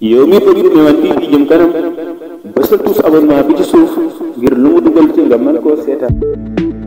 yow mi bëgg Méouane TV jëm kanam ba sa tous abonnement bi ci suuf ngir lu mu dugal ci nga mën koo seetaan